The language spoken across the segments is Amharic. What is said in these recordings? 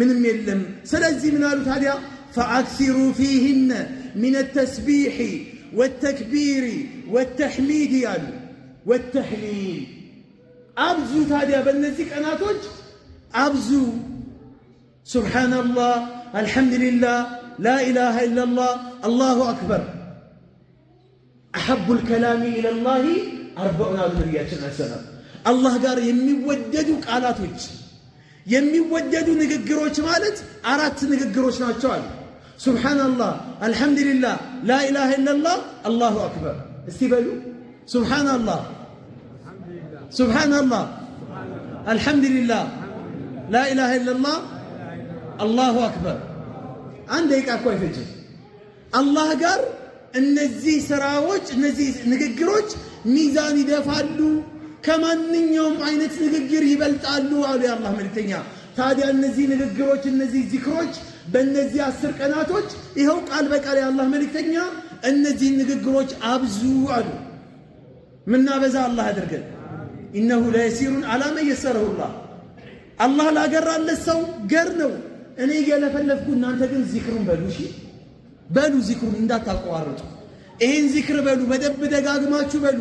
ምንም የለም ስለዚህ ምን አሉ ታዲያ ፈአክሲሩ ፊህነ ምን ተስቢሒ ወተክቢሪ ወተሕሚድ ያሉ ወተሕሚድ አብዙ ታዲያ በእነዚህ ቀናቶች አብዙ ሱብሓነላህ አልሐምዱሊላህ ላ ኢላሃ ኢላላህ አላሁ አክበር አሐቡ ልከላሚ ኢለላሂ አርበዑን አሉ ነቢያችን ሰላም አላህ ጋር የሚወደዱ ቃላቶች የሚወደዱ ንግግሮች ማለት አራት ንግግሮች ናቸው አሉ። ሱብሓነላህ፣ አልሐምዱሊላህ፣ ላኢላሃ ኢለላህ፣ አላሁ አክበር። እስቲ በሉ ሱብሓነላህ፣ ሱብሓነላህ፣ አልሐምዱሊላህ፣ ላኢላሃ ኢለላህ፣ አላሁ አክበር። አንድ ደቂቃ እኮ አይፈጅም። አላህ ጋር እነዚህ ስራዎች እነዚህ ንግግሮች ሚዛን ይደፋሉ። ከማንኛውም አይነት ንግግር ይበልጣሉ አሉ የአላህ መልክተኛ። ታዲያ እነዚህ ንግግሮች፣ እነዚህ ዚክሮች በእነዚህ አስር ቀናቶች ይኸው ቃል በቃል የአላህ መልክተኛ እነዚህን ንግግሮች አብዙ አሉ። ምናበዛ አላህ አድርገን። እነሁ ለየሲሩን አላመ የሰረሁላህ አላህ ላገራለት ሰው ገር ነው። እኔ እየለፈለፍኩ እናንተ ግን ዚክሩን በሉ። እሺ በሉ ዚክሩን እንዳታቋርጡ። ይህን ዚክር በሉ፣ በደብ ደጋግማችሁ በሉ።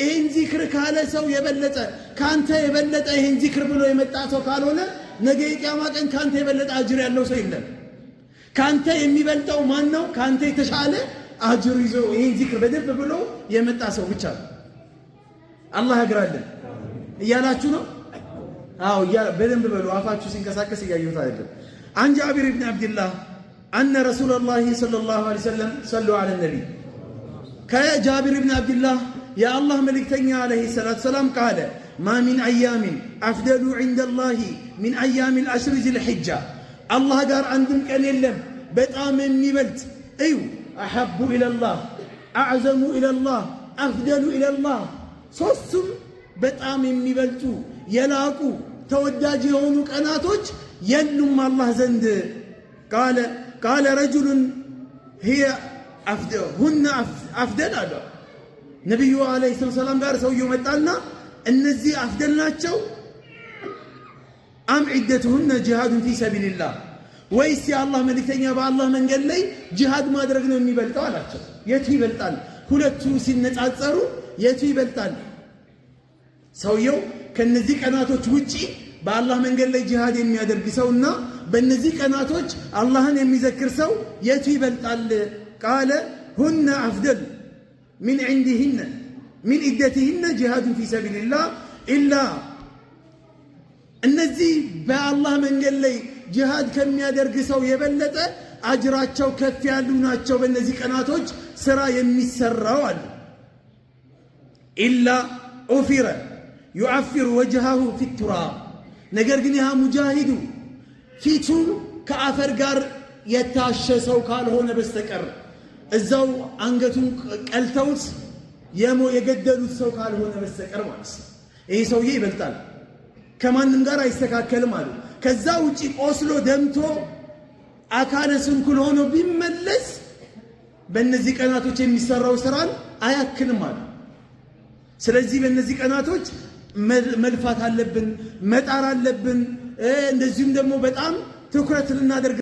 ይህን ዚክር ካለ ሰው የበለጠ ከአንተ የበለጠ ይህን ዚክር ብሎ የመጣ ሰው ካልሆነ ነገ የቂያማ ቀን ከአንተ የበለጠ አጅር ያለው ሰው የለም። ከአንተ የሚበልጠው ማን ነው? ከአንተ የተሻለ አጅር ይዞ ይህን ዚክር በደንብ ብሎ የመጣ ሰው ብቻ ነው። አላህ ያግራለን እያላችሁ ነው። አዎ በደንብ በሉ። አፋችሁ ሲንቀሳቀስ እያየሁት አይደለም። አን ጃቢር ብን አብድላህ አነ ረሱላላህ ሰለላሁ ዐለይሂ ወሰለም ሰሉ ዐለ ነቢይ ከጃቢር ብን አብድላህ يا الله ملك تنيا عليه الصلاة والسلام قال ما من أيام أفضل عند الله من أيام العشر ذي الحجة الله قال عندهم كان يلم بتأم مني بلت أيو أحب إلى الله أعزم إلى الله أفضل إلى الله صوصم بتأم مني نبلت يلاكو توداجي هونك أنا توج ينم الله زند قال قال رجل هي أفضل هن أفضل, أفضل ነቢዩ አለይሂ ሰላም ጋር ሰውየው መጣና እነዚህ አፍደል ናቸው አም ዒደትሁነ ጂሃዱን ፊ ሰቢልላህ ወይስ የአላህ መልእክተኛ በአላህ መንገድ ላይ ጂሃድ ማድረግ ነው የሚበልጠው አላቸው። የቱ ይበልጣል? ሁለቱ ሲነጻጸሩ የቱ ይበልጣል? ሰውየው ከነዚህ ቀናቶች ውጪ በአላህ መንገድ ላይ ጂሃድ የሚያደርግ ሰውና በእነዚህ ቀናቶች አላህን የሚዘክር ሰው የቱ ይበልጣል? ቃለ ሁነ አፍደል ምን ዒንዲሂነ ሚን ኢደቲሂነ ጂሃዱን ፊ ሰቢልላህ ኢላ እነዚህ በአላህ መንገድ ላይ ጅሃድ ከሚያደርግ ሰው የበለጠ አጅራቸው ከፍ ያሉ ናቸው። በእነዚህ ቀናቶች ስራ የሚሰራው አሉ ኢላ ኡፊረ ዩዓፊሩ ወጅሃሁ ፊቱራ ነገር ግን ያ ሙጃሂዱ ፊቱ ከአፈር ጋር የታሸ ሰው ካልሆነ በስተቀር እዛው አንገቱን ቀልተውት የገደሉት ሰው ካልሆነ በስተቀር ማለት ነው። ይሄ ሰውዬ ይበልጣል፣ ከማንም ጋር አይስተካከልም አሉ። ከዛ ውጪ ቆስሎ ደምቶ አካለ ስንኩል ሆኖ ቢመለስ በእነዚህ ቀናቶች የሚሰራው ስራን አያክልም አሉ። ስለዚህ በእነዚህ ቀናቶች መልፋት አለብን፣ መጣር አለብን። እንደዚሁም ደግሞ በጣም ትኩረት ልናደርግ